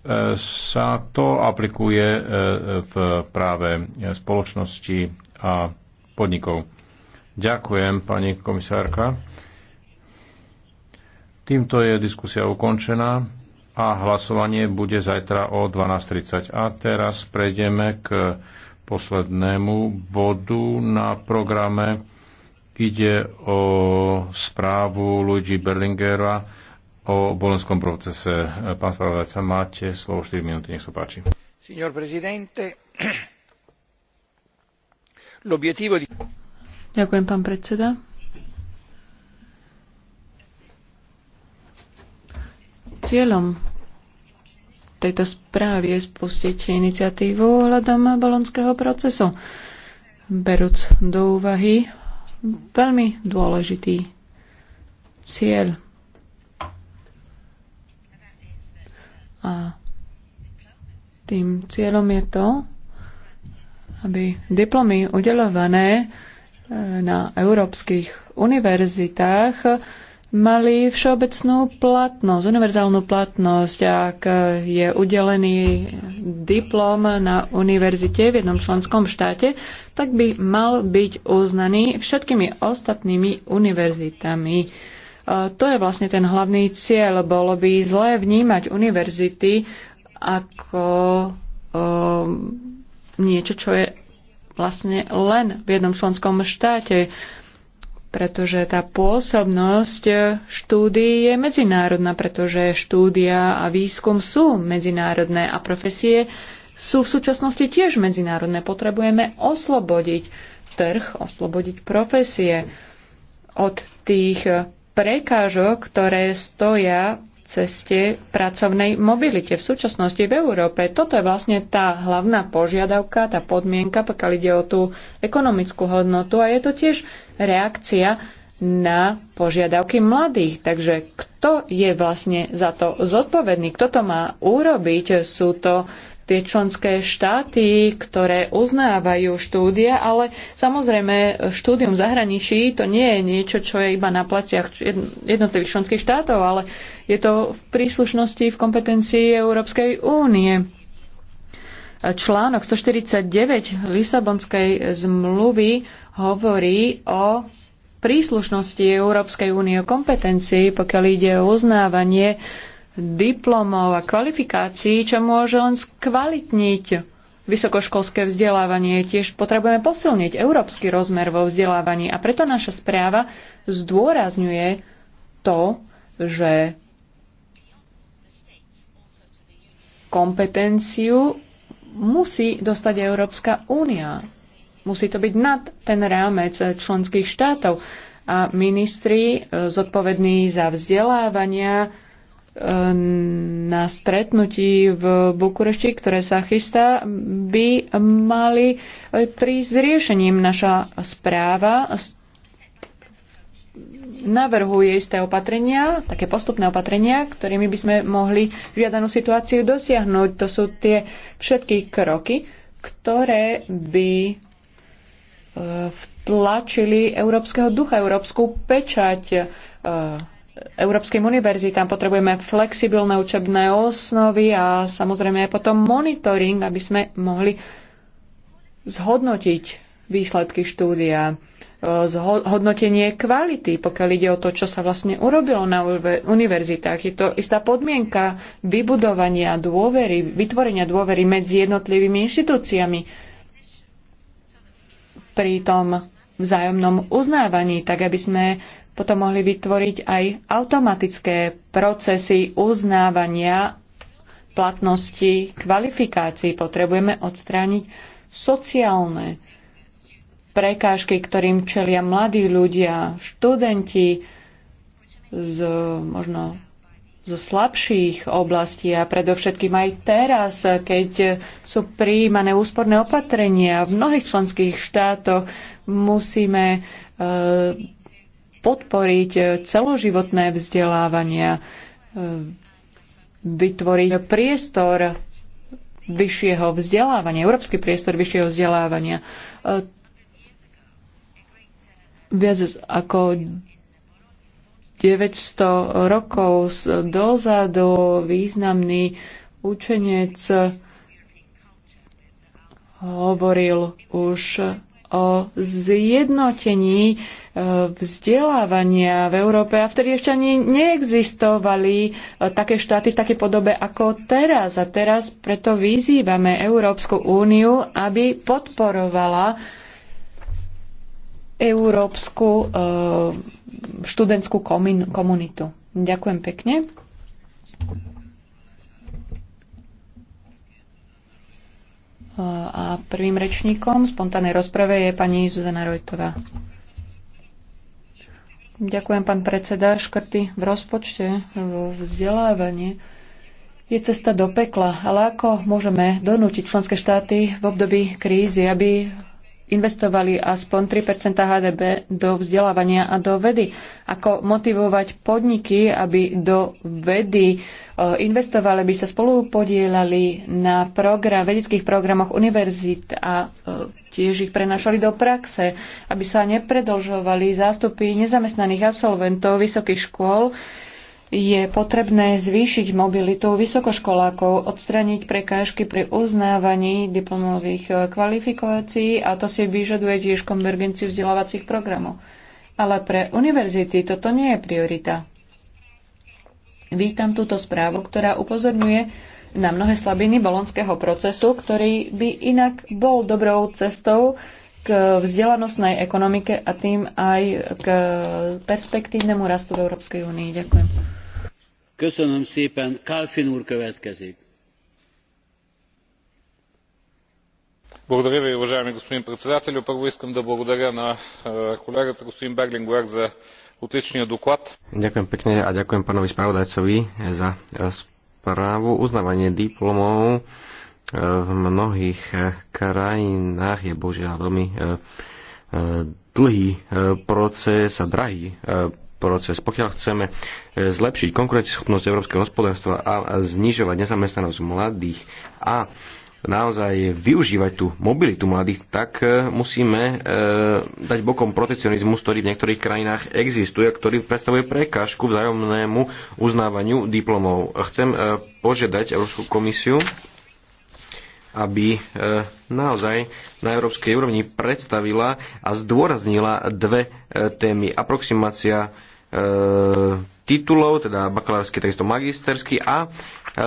E, sa to aplikuje e, v práve spoločnosti a podnikov. Ďakujem, pani komisárka. Týmto je diskusia ukončená a hlasovanie bude zajtra o 12.30. A teraz prejdeme k poslednému bodu na programe. Ide o správu Luigi Berlingera o bolenskom procese. Pán spravodajca, máte slovo 4 minúty, nech sa páči. Signor Presidente, l'obiettivo di... Ďakujem, pán predseda. Cieľom tejto správy je spustiť iniciatívu ohľadom bolonského procesu, berúc do úvahy veľmi dôležitý cieľ Tým cieľom je to, aby diplomy udelované e, na európskych univerzitách mali všeobecnú platnosť, univerzálnu platnosť. Ak je udelený diplom na univerzite v jednom členskom štáte, tak by mal byť uznaný všetkými ostatnými univerzitami. E, to je vlastne ten hlavný cieľ. Bolo by zlé vnímať univerzity ako um, niečo, čo je vlastne len v jednom členskom štáte, pretože tá pôsobnosť štúdií je medzinárodná, pretože štúdia a výskum sú medzinárodné a profesie sú v súčasnosti tiež medzinárodné. Potrebujeme oslobodiť trh, oslobodiť profesie od tých prekážok, ktoré stoja ceste pracovnej mobilite v súčasnosti v Európe. Toto je vlastne tá hlavná požiadavka, tá podmienka, pokiaľ ide o tú ekonomickú hodnotu a je to tiež reakcia na požiadavky mladých. Takže kto je vlastne za to zodpovedný? Kto to má urobiť? Sú to tie členské štáty, ktoré uznávajú štúdie, ale samozrejme štúdium zahraničí to nie je niečo, čo je iba na placiach jednotlivých členských štátov, ale je to v príslušnosti v kompetencii Európskej únie. Článok 149 Lisabonskej zmluvy hovorí o príslušnosti Európskej únie, o kompetencii, pokiaľ ide o uznávanie diplomov a kvalifikácií, čo môže len skvalitniť vysokoškolské vzdelávanie. Tiež potrebujeme posilniť európsky rozmer vo vzdelávaní a preto naša správa zdôrazňuje to, že kompetenciu musí dostať Európska únia. Musí to byť nad ten rámec členských štátov. A ministri e, zodpovední za vzdelávania, na stretnutí v Bukurešti, ktoré sa chystá, by mali prísť s riešením. Naša správa navrhuje isté opatrenia, také postupné opatrenia, ktorými by sme mohli žiadanú situáciu dosiahnuť. To sú tie všetky kroky, ktoré by eh, vtlačili európskeho ducha, európsku pečať eh, európskym univerzitám. Potrebujeme flexibilné učebné osnovy a samozrejme aj potom monitoring, aby sme mohli zhodnotiť výsledky štúdia, zhodnotenie kvality, pokiaľ ide o to, čo sa vlastne urobilo na univerzitách. Je to istá podmienka vybudovania dôvery, vytvorenia dôvery medzi jednotlivými inštitúciami pri tom vzájomnom uznávaní, tak aby sme potom mohli vytvoriť aj automatické procesy uznávania platnosti kvalifikácií. Potrebujeme odstrániť sociálne prekážky, ktorým čelia mladí ľudia, študenti z možno zo slabších oblastí a predovšetkým aj teraz, keď sú prijímané úsporné opatrenia v mnohých členských štátoch, musíme eh, podporiť e, celoživotné vzdelávania, e, vytvoriť priestor vyššieho vzdelávania, európsky priestor vyššieho vzdelávania. E, viac ako 900 rokov dozadu významný učenec hovoril už o zjednotení e, vzdelávania v Európe a vtedy ešte ani neexistovali e, také štáty v takej podobe ako teraz. A teraz preto vyzývame Európsku úniu, aby podporovala Európsku e, študentskú komunitu. Ďakujem pekne. A prvým rečníkom spontánnej rozprave je pani Zuzana Rojtová. Ďakujem, pán predseda. Škrty v rozpočte, v vzdelávanie je cesta do pekla. Ale ako môžeme donútiť členské štáty v období krízy, aby investovali aspoň 3 HDB do vzdelávania a do vedy? Ako motivovať podniky, aby do vedy Eh, investovali, by sa spolupodielali na program, vedeckých programoch univerzít a eh, tiež ich prenašali do praxe, aby sa nepredlžovali zástupy nezamestnaných absolventov vysokých škôl, je potrebné zvýšiť mobilitu vysokoškolákov, odstraniť prekážky pri uznávaní diplomových eh, kvalifikácií a to si vyžaduje tiež konvergenciu vzdelávacích programov. Ale pre univerzity toto nie je priorita. Vítam túto správu, ktorá upozorňuje na mnohé slabiny bolonského procesu, ktorý by inak bol dobrou cestou k vzdelanostnej ekonomike a tým aj k perspektívnemu rastu v Európskej únii. Ďakujem. Köszönöm szépen. Kalfin úr következik. Благодаря ви, уважаеми господин председател. Първо искам да благодаря на колегата господин Берлингуер за utečne doklad. Ďakujem pekne a ďakujem pánovi spravodajcovi eh, za eh, správu. Uznávanie diplomov eh, v mnohých krajinách je bohužiaľ veľmi dlhý proces a drahý proces. Pokiaľ chceme zlepšiť konkurencieschopnosť európskeho hospodárstva a znižovať nezamestnanosť mladých a naozaj využívať tú mobilitu mladých, tak e, musíme e, dať bokom protekcionizmus, ktorý v niektorých krajinách existuje ktorý predstavuje prekážku vzájomnému uznávaniu diplomov. Chcem e, požiadať Európsku komisiu, aby e, naozaj na európskej úrovni predstavila a zdôraznila dve e, témy. Aproximácia e, E, titulov, teda bakalársky, takisto magisterský a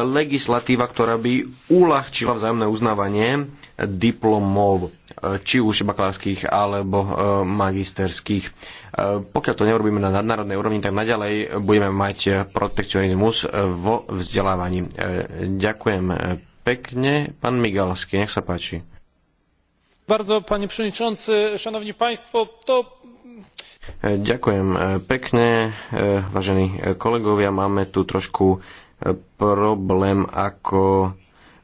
legislatíva, ktorá by uľahčila vzájomné uznávanie diplomov, e, či už bakalárskych alebo e, magisterských. Pokiaľ to neurobíme na nadnárodnej úrovni, tak naďalej budeme mať protekcionizmus vo vzdelávaní. Ďakujem pekne. Pán Migalský, nech sa páči. Bardzo, panie przewodniczący, szanowni państwo, to Ďakujem e, pekne, e, vážení e, kolegovia. Máme tu trošku problém ako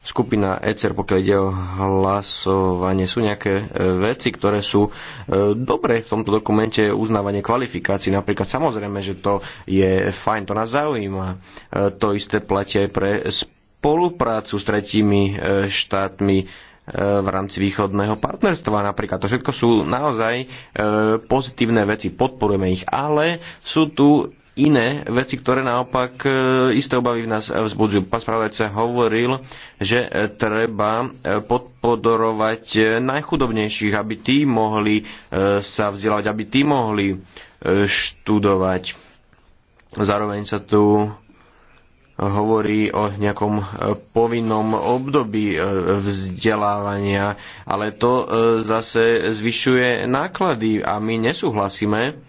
skupina ECR, pokiaľ ide o hlasovanie. Sú nejaké veci, ktoré sú dobre v tomto dokumente, uznávanie kvalifikácií. Napríklad samozrejme, že to je fajn, to nás zaujíma. To isté platí aj pre spoluprácu s tretími štátmi v rámci východného partnerstva napríklad. To všetko sú naozaj e, pozitívne veci, podporujeme ich, ale sú tu iné veci, ktoré naopak e, isté obavy v nás vzbudzujú. Pán spravodajca hovoril, že e, treba podporovať najchudobnejších, aby tí mohli sa vzdelať, aby tí mohli študovať. Zároveň sa tu hovorí o nejakom e, povinnom období e, vzdelávania, ale to e, zase zvyšuje náklady a my nesúhlasíme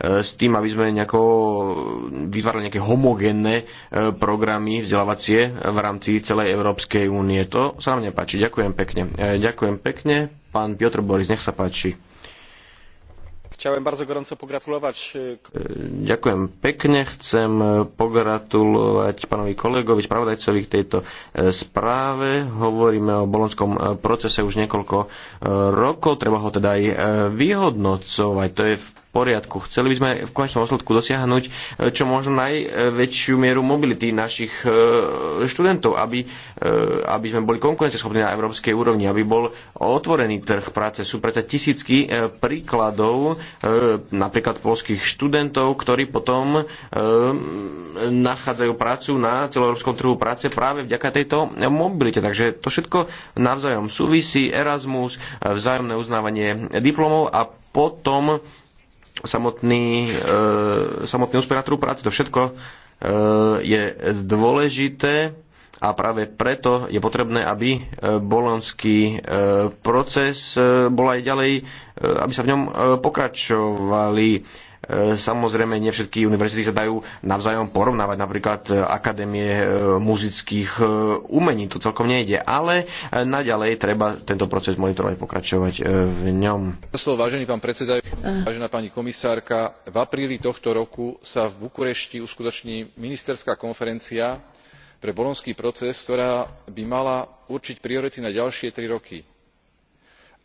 s tým, aby sme nejako vytvárali nejaké homogénne programy vzdelávacie v rámci celej Európskej únie. To sa nám nepáči. Ďakujem pekne. Ďakujem pekne. Pán Piotr Boris, nech sa páči. Chciałem bardzo gorąco pogratulować. Dziękuję e, pięknie. Chcę pogratulować panowi kolegowi, spravodajcovi tej to e, sprawy. Mówimy o bolonskom e, procesie już niekoľko roku. Trzeba go teda aj vyhodnocovať. To jest w poriadku. Chceli by sme v konečnom dôsledku dosiahnuť e, čo možno najväčšiu mieru mobility našich e, študentov, aby, e, aby sme boli konkurenceschopní na európskej úrovni, aby bol otvorený trh práce. Sú predsa tisícky príkladov napríklad polských študentov, ktorí potom nachádzajú prácu na celoeurópskom trhu práce práve vďaka tejto mobilite. Takže to všetko navzájom súvisí, Erasmus, vzájomné uznávanie diplomov a potom samotný, e, samotný úspech na trhu práce. To všetko e, je dôležité a práve preto je potrebné, aby e, bolonský proces bol aj ďalej, aby sa v ňom pokračovali Samozrejme, nie všetky univerzity sa dajú navzájom porovnávať, napríklad e, akadémie e, muzických e, umení, to celkom nejde, ale naďalej treba tento proces monitorovať, pokračovať v ňom. Slovo, vážený pán predsedajú, vážená pani komisárka, v apríli tohto roku sa v Bukurešti uskutoční ministerská konferencia pre bolonský proces, ktorá by mala určiť priority na ďalšie tri roky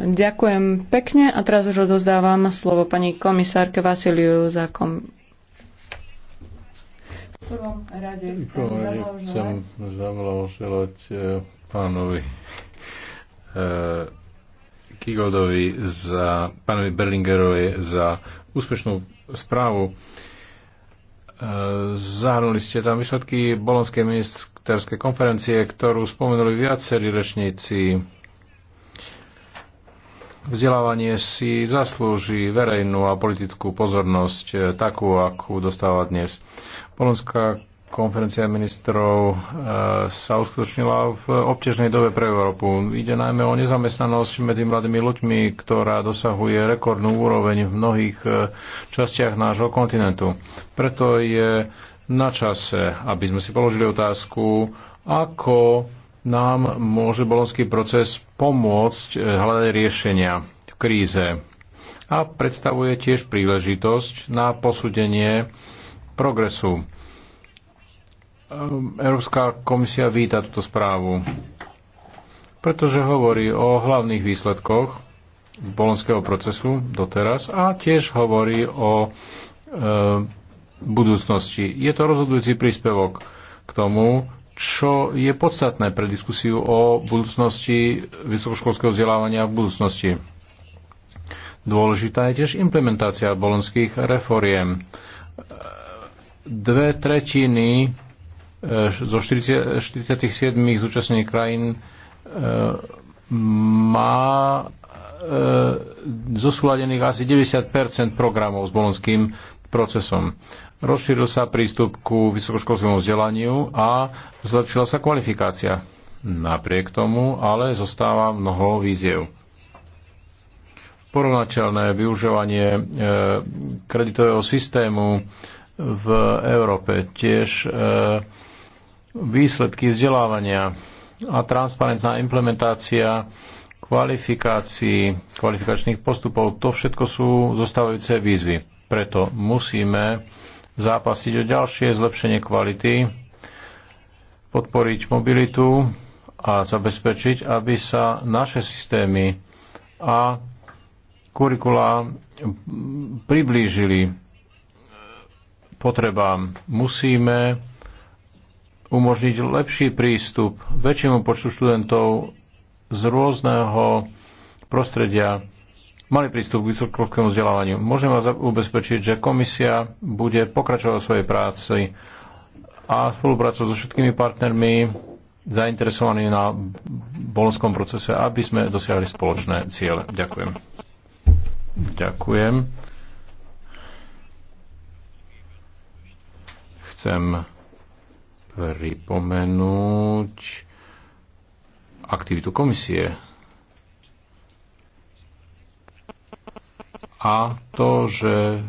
Ďakujem pekne a teraz už odozdávam slovo pani komisárke Vasiliu za kom... V prvom rade chcem, chcem zamlahoželať e, pánovi e, Kigoldovi za, pánovi Berlingerovi za úspešnú správu. E, zahrnuli ste tam výsledky Bolonskej ministerskej konferencie, ktorú spomenuli viacerí rečníci Vzdelávanie si zaslúži verejnú a politickú pozornosť e, takú, akú dostáva dnes. Polonská konferencia ministrov e, sa uskutočnila v obťažnej dobe pre Európu. Ide najmä o nezamestnanosť medzi mladými ľuďmi, ktorá dosahuje rekordnú úroveň v mnohých e, častiach nášho kontinentu. Preto je na čase, aby sme si položili otázku, ako nám môže bolonský proces pomôcť eh, hľadať riešenia v kríze a predstavuje tiež príležitosť na posúdenie progresu. Ehm, Európska komisia víta túto správu, pretože hovorí o hlavných výsledkoch bolonského procesu doteraz a tiež hovorí o e, budúcnosti. Je to rozhodujúci príspevok k tomu, čo je podstatné pre diskusiu o budúcnosti vysokoškolského vzdelávania v budúcnosti. Dôležitá je tiež implementácia bolonských reforiem. Dve tretiny eh, zo 40, 47 zúčastnených krajín eh, má eh, zosúladených asi 90 programov s bolonským procesom rozšíril sa prístup ku vysokoškolskému vzdelaniu a zlepšila sa kvalifikácia. Napriek tomu ale zostáva mnoho víziev. Porovnateľné využívanie e, kreditového systému v Európe, tiež e, výsledky vzdelávania a transparentná implementácia kvalifikácií, kvalifikačných postupov, to všetko sú zostávajúce výzvy. Preto musíme zápasiť o ďalšie zlepšenie kvality, podporiť mobilitu a zabezpečiť, aby sa naše systémy a kurikula priblížili potrebám. Musíme umožniť lepší prístup väčšiemu počtu študentov z rôzneho prostredia mali prístup k vysokoškolskému vzdelávaniu. Môžem vás ubezpečiť, že komisia bude pokračovať v svojej práci a spolupracovať so všetkými partnermi zainteresovaní na bolonskom procese, aby sme dosiahli spoločné ciele. Ďakujem. Ďakujem. Chcem pripomenúť aktivitu komisie a to, že